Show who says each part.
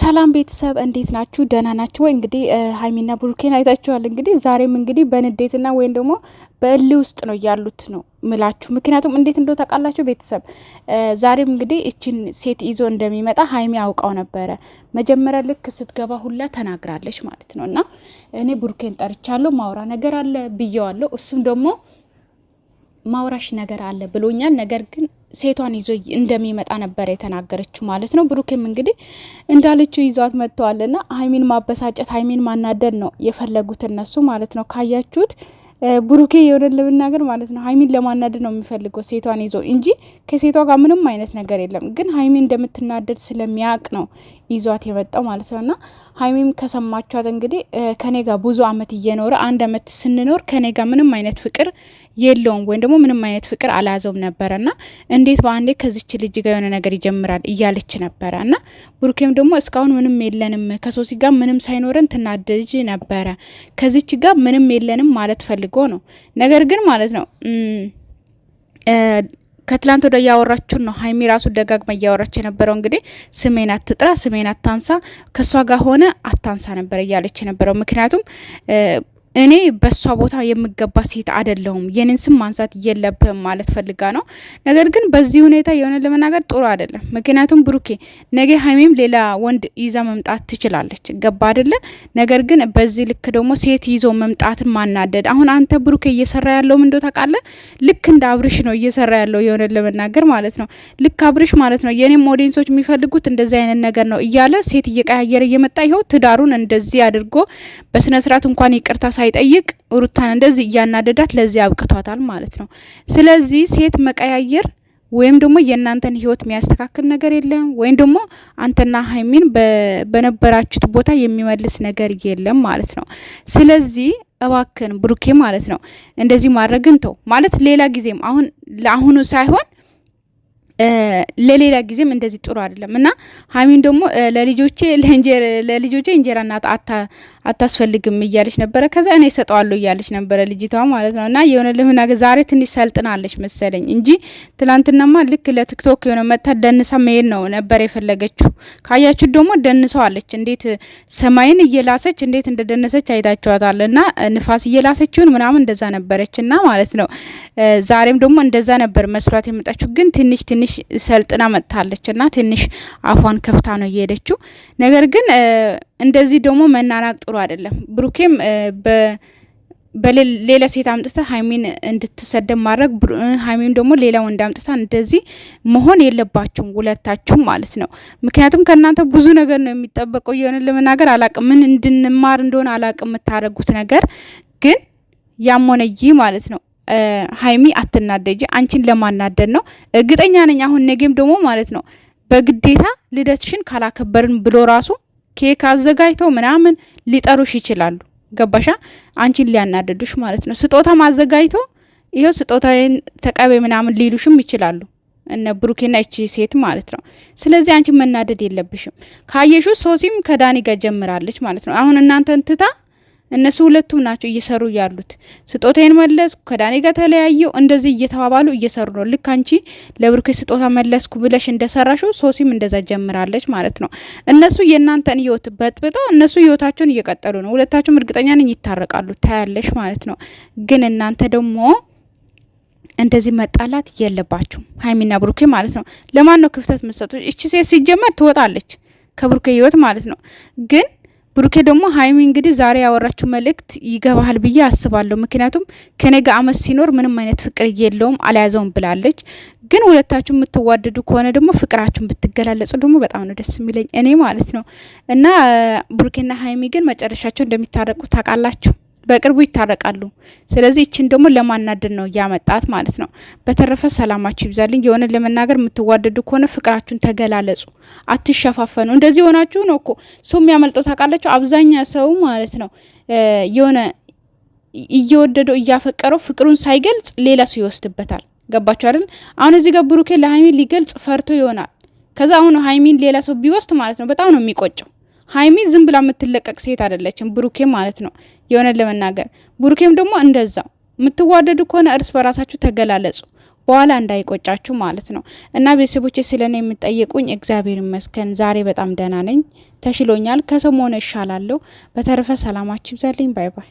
Speaker 1: ሰላም ቤተሰብ እንዴት ናችሁ? ደህና ናችሁ ወይ? እንግዲህ ሀይሚና ብሩኬን አይታችኋል። እንግዲህ ዛሬም እንግዲህ በንዴትና ወይም ደግሞ በእል ውስጥ ነው ያሉት ነው ምላችሁ። ምክንያቱም እንዴት እንደው ታውቃላችሁ ቤተሰብ፣ ዛሬም እንግዲህ እችን ሴት ይዞ እንደሚመጣ ሀይሚ አውቃው ነበረ። መጀመሪያ ልክ ስትገባ ሁላ ተናግራለች ማለት ነው። እና እኔ ብሩኬን ጠርቻለሁ ማውራ ነገር አለ ብየዋለሁ። እሱም ደግሞ ማውራሽ ነገር አለ ብሎኛል። ነገር ግን ሴቷን ይዞ እንደሚመጣ ነበር የተናገረችው ማለት ነው። ብሩኬም እንግዲህ እንዳለችው ይዟት መጥተዋልና ሀይሚን ማበሳጨት፣ ሀይሚን ማናደድ ነው የፈለጉት እነሱ ማለት ነው ካያችሁት ብሩኬ የሆነን ለመናገር ማለት ነው ሀይሚን ለማናደድ ነው የሚፈልገው ሴቷን ይዞ እንጂ ከሴቷ ጋር ምንም አይነት ነገር የለም። ግን ሀይሚ እንደምትናደድ ስለሚያውቅ ነው ይዟት የመጣው ማለት ነው። እና ሀይሚም ከሰማችኋት እንግዲህ ከኔ ጋር ብዙ አመት እየኖረ አንድ አመት ስንኖር ከኔ ጋር ምንም አይነት ፍቅር የለውም ወይም ደግሞ ምንም አይነት ፍቅር አላያዘውም ነበረ እና እንዴት በአንዴ ከዚች ልጅ ጋር የሆነ ነገር ይጀምራል እያለች ነበረ እና ብሩኬም ደግሞ እስካሁን ምንም የለንም ከሶሲ ጋር ምንም ሳይኖረን ትናደጅ ነበረ ከዚች ጋር ምንም የለንም ማለት ፈልግ ፈልጎ ነው። ነገር ግን ማለት ነው ከትላንት ወደ እያወራችሁን ነው ሀይሚ ራሱ ደጋግማ እያወራች የነበረው እንግዲህ ስሜን አትጥራ፣ ስሜን አታንሳ፣ ከእሷ ጋር ሆነ አታንሳ ነበር እያለች የነበረው ምክንያቱም እኔ በእሷ ቦታ የምገባ ሴት አይደለሁም፣ የኔን ስም ማንሳት የለብህም ማለት ፈልጋ ነው። ነገር ግን በዚህ ሁኔታ የሆነ ለመናገር ጥሩ አይደለም። ምክንያቱም ብሩኬ ነገ ሀይሜም ሌላ ወንድ ይዛ መምጣት ትችላለች። ገባ አይደለ? ነገር ግን በዚህ ልክ ደግሞ ሴት ይዞ መምጣትን ማናደድ። አሁን አንተ ብሩኬ እየሰራ ያለው ምንዶ እንደሆነ ልክ እንደ አብርሽ ነው እየሰራ ያለው የሆነ ለመናገር ማለት ነው። ልክ አብርሽ ማለት ነው የኔም ኦዲንሶች የሚፈልጉት እንደዚህ አይነት ነገር ነው እያለ ሴት እየቀያየረ እየመጣ ይኸው ትዳሩን እንደዚህ አድርጎ በስነስርዓት እንኳን ይቅርታ ሳይጠይቅ ሩታን እንደዚህ እያናደዳት ለዚህ አብቅቷታል ማለት ነው። ስለዚህ ሴት መቀያየር ወይም ደግሞ የእናንተን ህይወት የሚያስተካክል ነገር የለም፣ ወይም ደግሞ አንተና ሀይሚን በነበራችሁት ቦታ የሚመልስ ነገር የለም ማለት ነው። ስለዚህ እባክን ብሩኬ ማለት ነው እንደዚህ ማድረግን ተው ማለት ሌላ ጊዜም አሁን ለአሁኑ ሳይሆን ለሌላ ጊዜም እንደዚህ ጥሩ አይደለም እና ሀሚን ደግሞ ለልጆቼ ለልጆቼ እንጀራ እናት አታስፈልግም እያለች ነበረ። ከዛ እኔ እሰጠዋለሁ እያለች ነበረ ልጅቷ ማለት ነው። እና የሆነ ልህና ዛሬ ትንሽ ሰልጥናለች መሰለኝ እንጂ ትላንትናማ ልክ ለቲክቶክ የሆነ መታ ደንሳ መሄድ ነው ነበር የፈለገችው። ካያችሁ ደግሞ ደንሰዋለች። እንዴት ሰማይን እየላሰች እንዴት እንደደነሰች አይታችኋታል። እና ንፋስ እየላሰችውን ምናምን እንደዛ ነበረች እና ማለት ነው። ዛሬም ደግሞ እንደዛ ነበር መስራት የመጣችሁ፣ ግን ትንሽ ትንሽ ሰልጥና መጥታለች እና ትንሽ አፏን ከፍታ ነው እየሄደችው ነገር ግን እንደዚህ ደግሞ መናናቅ ጥሩ አይደለም። ብሩኬም በሌላ ሴት አምጥታ ሀይሚን እንድትሰደብ ማድረግ፣ ሀይሚም ደግሞ ሌላ ወንድ አምጥታ እንደዚህ መሆን የለባችሁም ሁለታችሁም ማለት ነው። ምክንያቱም ከእናንተ ብዙ ነገር ነው የሚጠበቀው። የሆነ ለመናገር አላቅም፣ ምን እንድንማር እንደሆነ አላቅም። የምታደርጉት ነገር ግን ያም ሆነ ይህ ማለት ነው ሀይሚ አትናደጅ። አንቺን ለማናደድ ነው እርግጠኛ ነኝ። አሁን ነገም ደግሞ ማለት ነው በግዴታ ልደትሽን ካላከበርን ብሎ ራሱ ኬክ አዘጋጅተው ምናምን ሊጠሩሽ ይችላሉ። ገባሻ? አንቺን ሊያናደዱሽ ማለት ነው። ስጦታም አዘጋጅቶ ይኸው ስጦታዬን ተቀበይ ምናምን ሊሉሽም ይችላሉ። እነ ብሩኬና እቺ ሴት ማለት ነው። ስለዚህ አንቺ መናደድ የለብሽም። ካየሹ ሶሲም ከዳኒ ጋር ጀምራለች ማለት ነው። አሁን እናንተን ትታ እነሱ ሁለቱም ናቸው እየሰሩ ያሉት። ስጦታዬን መለስኩ፣ ከዳኔ ጋር ተለያየው፣ እንደዚህ እየተባባሉ እየሰሩ ነው። ልክ አንቺ ለብሩኬ ስጦታ መለስኩ ብለሽ እንደሰራሽው ሶሲም እንደዛ ጀምራለች ማለት ነው። እነሱ የእናንተን ህይወት በጥብጠው እነሱ ህይወታቸውን እየቀጠሉ ነው። ሁለታቸውም እርግጠኛ ነኝ ይታረቃሉ፣ ታያለሽ ማለት ነው። ግን እናንተ ደግሞ እንደዚህ መጣላት የለባችሁም ሀይሚና ብሩኬ ማለት ነው። ለማን ነው ክፍተት መሰጡ? እቺ ሴት ሲጀመር ትወጣለች ከብሩኬ ህይወት ማለት ነው ግን ብሩኬ ደግሞ ሀይሚ እንግዲህ ዛሬ ያወራችው መልእክት ይገባሃል ብዬ አስባለሁ። ምክንያቱም ከነገ አመት ሲኖር ምንም አይነት ፍቅር የለውም አልያዘውም ብላለች። ግን ሁለታችሁ የምትዋደዱ ከሆነ ደግሞ ፍቅራችሁን ብትገላለጹ ደግሞ በጣም ነው ደስ የሚለኝ እኔ ማለት ነው። እና ብሩኬና ሀይሚ ግን መጨረሻቸው እንደሚታረቁ ታውቃላችሁ። በቅርቡ ይታረቃሉ። ስለዚህ እችን ደግሞ ለማናደድ ነው እያመጣት ማለት ነው። በተረፈ ሰላማችሁ ይብዛልኝ። የሆነ ለመናገር የምትዋደዱ ከሆነ ፍቅራችሁን ተገላለጹ፣ አትሸፋፈኑ። እንደዚህ የሆናችሁ ነው እኮ ሰው የሚያመልጠው ታውቃላችሁ። አብዛኛ ሰው ማለት ነው የሆነ እየወደደው እያፈቀረው ፍቅሩን ሳይገልጽ ሌላ ሰው ይወስድበታል። ገባችሁ አይደል? አሁን እዚህ ጋር ብሩኬ ለሀይሚን ሊገልጽ ፈርቶ ይሆናል። ከዛ አሁን ሀይሚን ሌላ ሰው ቢወስድ ማለት ነው በጣም ነው የሚቆጨው። ሀይሚ ዝም ብላ የምትለቀቅ ሴት አይደለችም፣ ብሩኬም ማለት ነው። የሆነ ለመናገር ብሩኬም ደግሞ እንደዛው የምትዋደዱ ከሆነ እርስ በራሳችሁ ተገላለጹ፣ በኋላ እንዳይቆጫችሁ ማለት ነው። እና ቤተሰቦቼ ስለኔ የምጠየቁኝ እግዚአብሔር ይመስገን፣ ዛሬ በጣም ደህና ነኝ፣ ተሽሎኛል፣ ከሰሞኑ እሻላለሁ። በተረፈ ሰላማችሁ ይብዛልኝ። ባይ ባይ።